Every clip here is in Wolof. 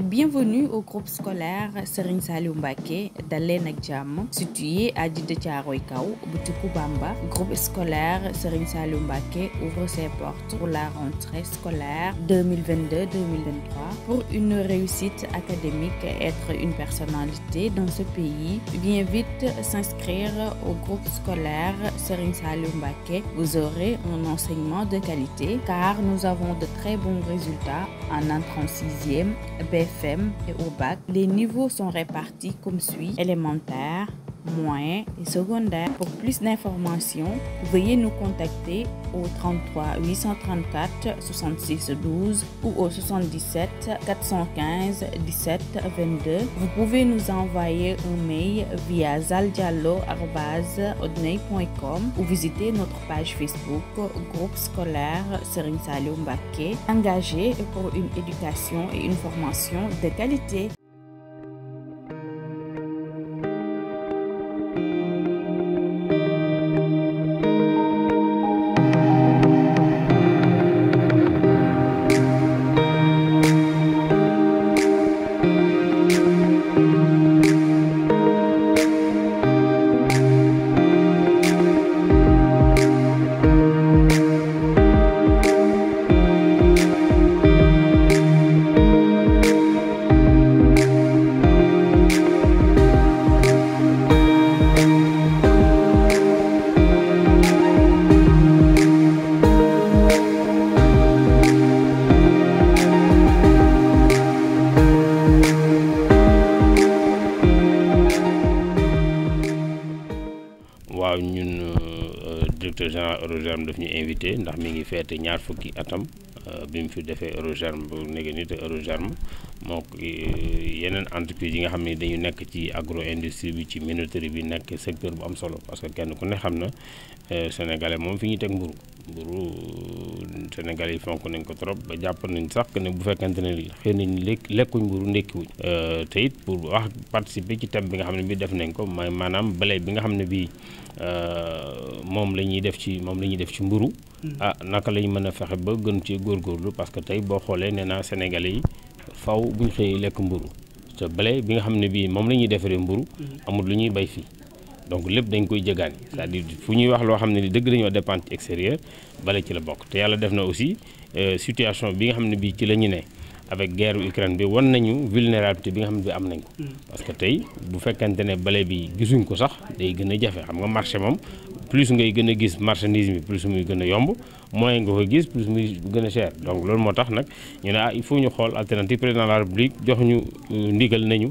Bienvenue au groupe scolaire Serigne Saliou situé à Djiddah Thiaroye groupe scolaire Serigne ouvre ses portes pour la rentrée scolaire 2022-2023 pour une réussite académique et être une personnalité dans ce pays bien vite s'inscrire au groupe scolaire Serigne vous aurez un enseignement de qualité car nous avons de très bons résultats en entrant 6 sixième et au bac, les niveaux sont répartis comme suit élémentaire, moyen et secondaire. Pour plus d'informations, veuillez nous contacter au 33 834 66 12 ou au 77 415 17 22. Vous pouvez nous envoyer un mail via zaldialo.com ou visiter notre page Facebook Groupe scolaire Serine Mbake, Engagé pour une éducation et une formation de qualité. waaw ñun euh, directeur général Eurogem daf ñu invité ndax mi ngi feete ñaar fukki atam Euh, bi mu fi defee Eurogerm bu nekkee nii te Eurogerm moo euh, yeneen entreprise yi nga xam ne dañu nekk ci agro industrie bi ci minoterie bi nekk secteur bu am solo parce que kenn ku ne xam na euh, sénégalais moom fi ñu teg mburu mburu sénégalais yi fonk nañ ko trop ba jàpp nañ sax ne bu fekkente ne xëy nañ lekk lekkuñ mburu ndékkiwuñ te it pour wax participer ci thème bi nga xam ne bi def nañ ko may maanaam blé bi nga xam ne bii moom la ñuy def ci moom la ñuy def ci mburu Hmm. ah naka lañ mën a fexe ba gën ci góorgóorlu parce que tey boo xoolee nee naa Sénégalais yi faw bu ñu xëyee lekk mburu te bale bi nga xam ne bii moom la ñuy defaree mburu hmm. amut lu ñuy bay fii donc lépp dañ koy jëgaani hmm. c'est-à-dire fu ñuy wax loo xam ne ni dëgg dañoo dépendre extérieur bale ci la bokk te yàlla def na aussi euh, situation bi nga xam ne bii ci la ñu ne avec guerre Ukraine bi wan nañu vulnérabilité bi nga xam ne am nañ ko. Hmm. parce que tey bu fekkente ne bale bi gisuñ ko sax day gën a jafe xam nga marché moom plus ngay gën a gis marchandise bi plus muy gën a yomb moyen nga ko gis plus muy gën a cher donc loolu moo tax nag ñu ne ah il faut ñu xool alternative président de la république jox ñu euh, ndigal nañu.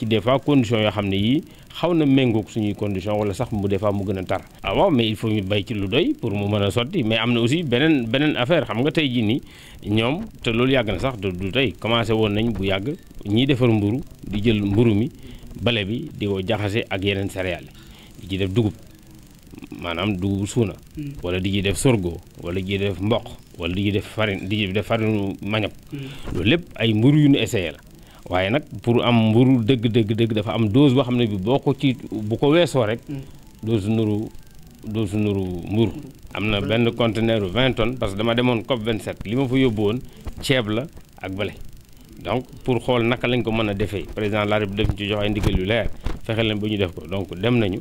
ci des fois conditions yoo xam ne yii xaw na méngoog suñuy condition wala sax mu des fois mu gën a tar ah waaw mais il faut ñu bay ci lu doy pour mu mën a sotti mais am na aussi beneen beneen affaire xam nga tey jii nii ñoom te loolu yàgg na sax du tey commencé woon nañ bu yàgg ñiy defar mburu di jël mburu mi bale bi di ko jaxase ak yeneen céréales yi di ci def dugub maanaam dugub suuna hmm. wala di ci def sorgho wala di def mboq wala di ci def farine di ci def farine hmm. lépp ay mburu yu ñu essayé la waaye nag pour am mburu dëgg dëgg dëgg dafa am dose boo xam ne bi boo ko ci bu ko weesoo rek mm. dose nuru dose nuru mburu am na benn conteneur vingt tonnes parce que dama demoon COP 27 li ma fa yóbbu woon ceeb la ak bële donc pour xool naka lañ ko mën a defee président de la République def ñu ci jox ay ndigal yu leer fexe leen ba ñu def ko donc dem nañu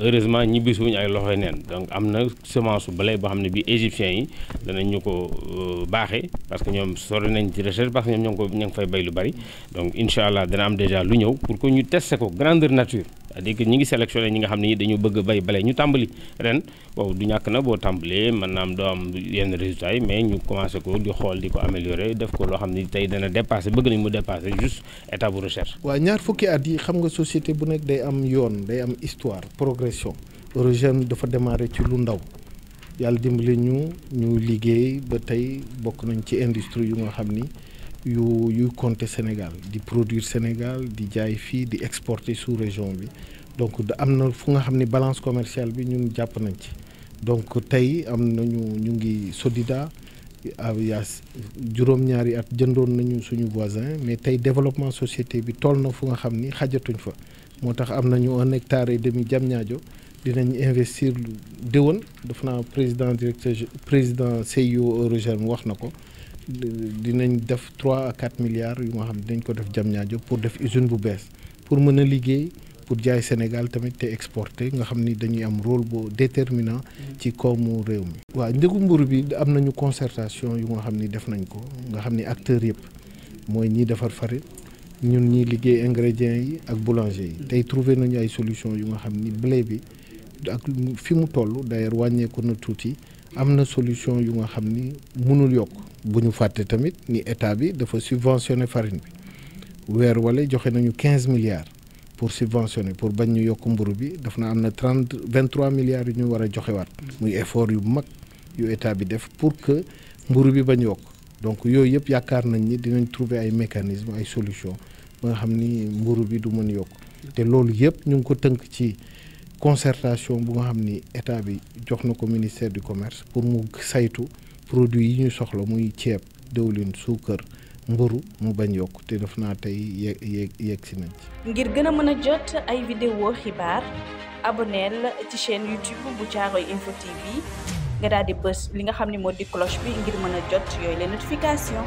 heureusement ñibbisuñu ay loxoy neen donc am na semence su blé boo xam ne bi égyptiens yi danañ ñu ko euh, baaxee parce que ñoom sori nañ ci recherche parce que ñoom ñoo ko ña ngi fay bay lu bari donc incha allah dana am déjà lu ñëw pour que ñu teste ko grandeur nature c'est-à-dire ñi ngi sélectionné ñi nga xam ne dañu bëgg bay bale ñu tàmbali ren waaw du ñàkk na boo tàmbalee man naa am doo am yenn résultats yi mais ñu commencé ko di xool di ko améliorer def ko loo xam ni tey dana dépassé bëgg nañ mu dépassé juste état bu recherche. waaw ñaar fukki at yi xam nga société bu nekk day am yoon day am histoire progression Eurogène dafa démarré ci lu ndaw yàlla dimbali ñu ñu liggéey ba tey bokk nañ ci industrie yu nga xam ni. yu yu compter Sénégal di produire Sénégal di jaay fii di exporter sous région bi donc da am na fu nga xam ne balance commerciale bi ñun jàpp nañ ci donc tey am nañu ñu ngi Sodida ah, ya juróom-ñaari at jëndoon nañu suñu voisin mais tey développement société bi toll na fu nga xam ni xajatuñ fa moo tax am nañu un hectare et demi Diamniadio dinañ investir déwén def naa président directeur président CIO Eurogerm wax na ko dinañ def 3 à 4 milliards yu nga xam dañ ko def Diamniadio pour def usine bu bees pour mën a liggéey pour jaay Sénégal tamit te exporter nga xam ni dañuy am rôle bu déterminant ci koomu réew mi. waaw njëgu mburu bi am nañu concertation yu nga xam ni def nañ ko nga xam ni acteurs yëpp mooy ñiy defar farine ñun ñi liggéey ingrédients yi ak boulanger yi. tey trouver nañu ay solution yu nga xam ni blé bi ak fi mu toll d'ailleurs wàññeeku na tuuti am na solution yu nga xam ni mënul yokk buñu faté tamit ni état bi dafa subventionner farine bi wér walé joxé nañu 15 milliards pour subventionner pour bañ ñu yokk mburu bi daf na am na trente vingt milliards ñu wara joxé wat muy effort yu mag yu état bi def pour que mburu bi bañ yok donc yoy yëpp yakar nañ ni dinañ trouver ay mécanismes ay solutions ba nga xam mburu bi du mën yok té loolu yëpp ñu ko teunk ci concertation bu nga xamni état bi jox na ko ministère du commerce pour mu saytu produit yi ñu soxla muy ceeb dëwlin suukar mburu mu bañ yokk te def naa tey ye yeeg si nañ ci ngir gën a mën a jot ay vidéo xibaar aboneel ci chaîne YouTube bu Caaroy info TV nga daal bës li nga xam ne moo di cloche bi ngir mën jot yooyu les notification